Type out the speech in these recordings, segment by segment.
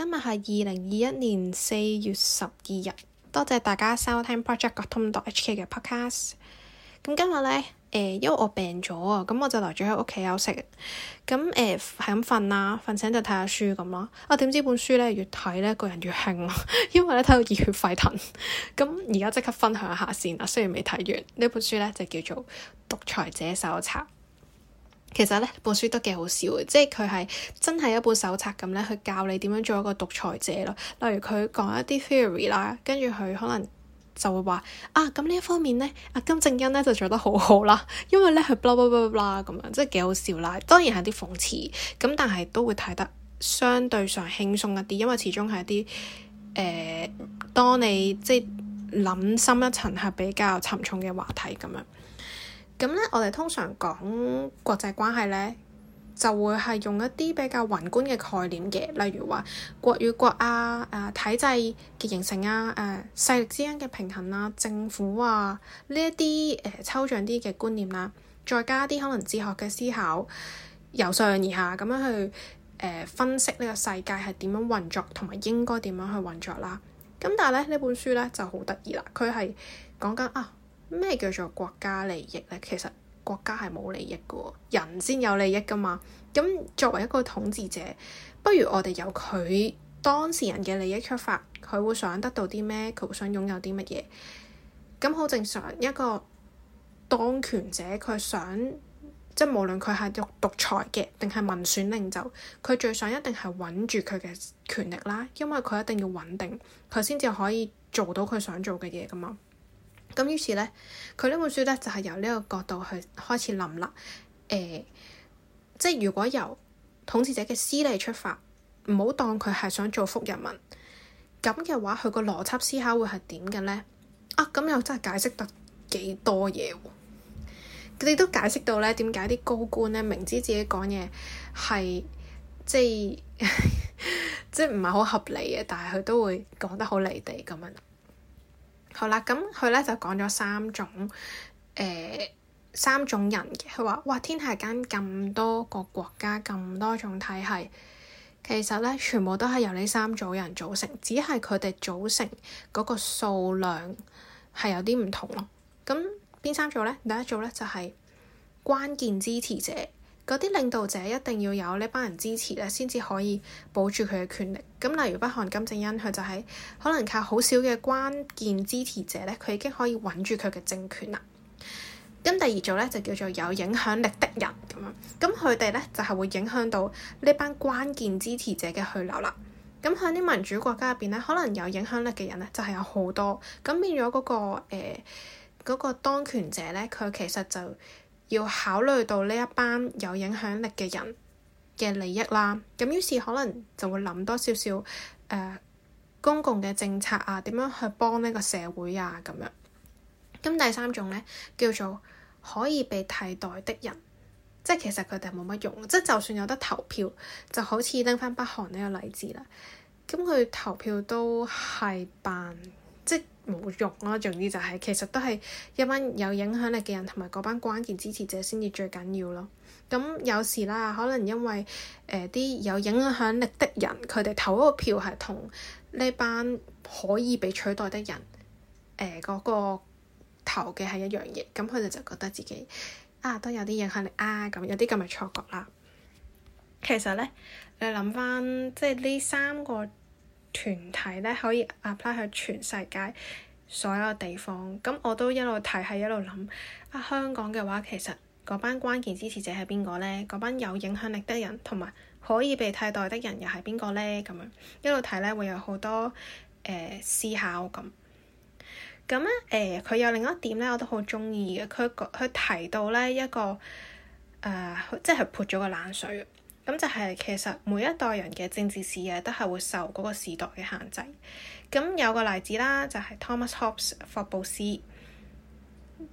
今日係二零二一年四月十二日，多謝大家收聽 Project Tondo HK 嘅 Podcast。咁今日咧，誒、呃，因為我病咗啊，咁我就留咗喺屋企休息。咁誒，係咁瞓啦，瞓醒就睇下書咁咯。啊，點知本書咧，越睇咧，個人越興咯，因為咧，睇到熱血沸騰。咁而家即刻分享下先啦，雖然未睇完呢本書咧，就叫做《獨裁者手冊》。其實咧本書都幾好笑嘅，即係佢係真係一本手冊咁咧，去教你點樣做一個獨裁者咯。例如佢講一啲 theory 啦，跟住佢可能就會話啊，咁呢一方面咧，阿金正恩咧就做得好好啦，因為咧佢 blablablabla 咁樣，即係幾好笑啦。當然係啲諷刺，咁但係都會睇得相對上輕鬆一啲，因為始終係啲誒，當你即係諗深一層係比較沉重嘅話題咁樣。咁咧，我哋通常講國際關係咧，就會係用一啲比較宏觀嘅概念嘅，例如話國與國啊、誒、呃、體制嘅形成啊、誒、呃、勢力之間嘅平衡啊、政府啊呢一啲誒抽象啲嘅觀念啦，再加啲可能哲學嘅思考，由上而下咁樣去誒、呃、分析呢個世界係點樣運作同埋應該點樣去運作啦。咁但係咧呢本書咧就好得意啦，佢係講緊啊～咩叫做國家利益咧？其實國家係冇利益嘅，人先有利益噶嘛。咁作為一個統治者，不如我哋由佢當事人嘅利益出發，佢會想得到啲咩？佢會想擁有啲乜嘢？咁好正常，一個當權者佢想即係無論佢係獨裁嘅定係民選領袖，就佢最想一定係穩住佢嘅權力啦，因為佢一定要穩定，佢先至可以做到佢想做嘅嘢噶嘛。咁於是呢，佢呢本書呢，就係、是、由呢個角度去開始諗啦。誒、欸，即係如果由統治者嘅私利出發，唔好當佢係想造福人民，咁嘅話，佢個邏輯思考會係點嘅呢？啊，咁又真係解釋得幾多嘢喎，啊？佢哋都解釋到呢點解啲高官呢，明知自己講嘢係即係即係唔係好合理嘅，但係佢都會講得好離地咁樣。好啦，咁佢咧就講咗三種，誒，三種人嘅。佢話：哇，天下間咁多個國家，咁多種體系，其實咧全部都係由呢三組人組成，只係佢哋組成嗰個數量係有啲唔同咯。咁邊三組咧？第一組咧就係關鍵支持者。嗰啲領導者一定要有呢班人支持咧，先至可以保住佢嘅權力。咁例如北韓金正恩，佢就係可能靠好少嘅關鍵支持者咧，佢已經可以穩住佢嘅政權啦。咁第二組咧就叫做有影響力的人咁樣。咁佢哋咧就係會影響到呢班關鍵支持者嘅去留啦。咁喺啲民主國家入邊咧，可能有影響力嘅人咧就係有好多。咁變咗嗰個誒嗰個當權者咧，佢其實就要考慮到呢一班有影響力嘅人嘅利益啦，咁於是可能就會諗多少少誒公共嘅政策啊，點樣去幫呢個社會啊咁樣。咁第三種呢叫做可以被替代的人，即係其實佢哋冇乜用，即係就算有得投票，就好似拎返北韓呢個例子啦。咁佢投票都係扮。冇用咯，總之就係、是、其實都係一班有影響力嘅人同埋嗰班關鍵支持者先至最緊要咯。咁有時啦，可能因為誒啲、呃、有影響力的人，佢哋投嗰個票係同呢班可以被取代的人誒嗰，呃那個投嘅係一樣嘢，咁佢哋就覺得自己啊都有啲影響力啊咁，有啲咁嘅錯覺啦。其實咧，你諗翻即係呢三個。團體咧可以 apply 去全世界所有地方，咁我都一路睇係一路諗。啊，香港嘅話其實嗰班關鍵支持者係邊個咧？嗰班有影響力的人同埋可以被替代的人又係邊個咧？咁樣一路睇咧會有好多誒、呃、思考咁。咁咧誒，佢、呃、有另一點咧我都好鍾意嘅，佢佢提到咧一個誒、呃，即係潑咗個冷水。咁就係其實每一代人嘅政治視野、啊、都係會受嗰個時代嘅限制。咁有個例子啦，就係、是、Thomas Hobbes 霍布斯。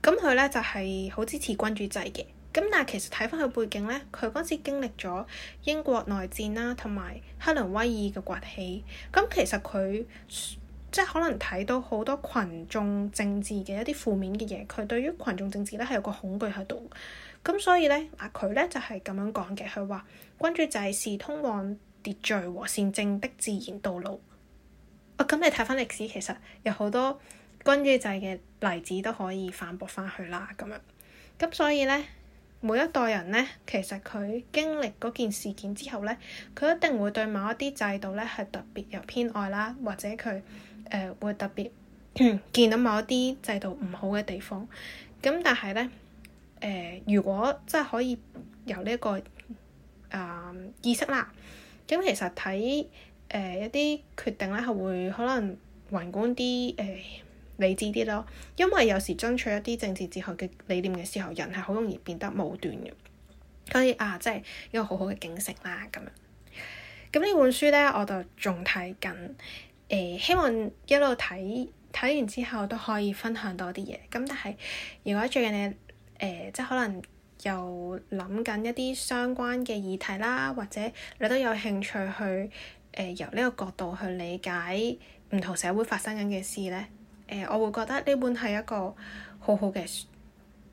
咁佢咧就係、是、好支持君主制嘅。咁但係其實睇翻佢背景咧，佢嗰陣時經歷咗英國內戰啦、啊，同埋克倫威爾嘅崛起。咁其實佢即係可能睇到好多群眾政治嘅一啲負面嘅嘢，佢對於群眾政治咧係有個恐懼喺度。咁所以咧，嗱佢咧就係、是、咁樣講嘅，佢話君主制是通往秩序和善政的自然道路。啊，咁、哦、你睇翻歷史，其實有好多君主制嘅例子都可以反駁翻去啦。咁樣咁所以咧，每一代人咧，其實佢經歷嗰件事件之後咧，佢一定會對某一啲制度咧係特別有偏愛啦，或者佢。誒、呃、會特別、嗯、見到某一啲制度唔好嘅地方，咁但係咧誒，如果真係可以有呢、這、一個啊、呃、意識啦，咁其實睇誒、呃、一啲決定咧，係會可能宏觀啲誒、呃、理智啲咯，因為有時爭取一啲政治哲學嘅理念嘅時候，人係好容易變得武斷嘅，所以啊，真係一個好好嘅警醒啦，咁樣。咁呢本書咧，我就仲睇緊。誒、呃、希望一路睇睇完之後都可以分享多啲嘢，咁、嗯、但係如果最近你誒、呃、即係可能又諗緊一啲相關嘅議題啦，或者你都有興趣去誒、呃、由呢個角度去理解唔同社會發生緊嘅事咧，誒、呃、我會覺得呢本係一個好好嘅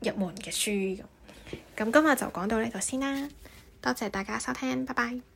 入門嘅書。咁、嗯、今日就講到呢度先啦，多謝大家收聽，拜拜。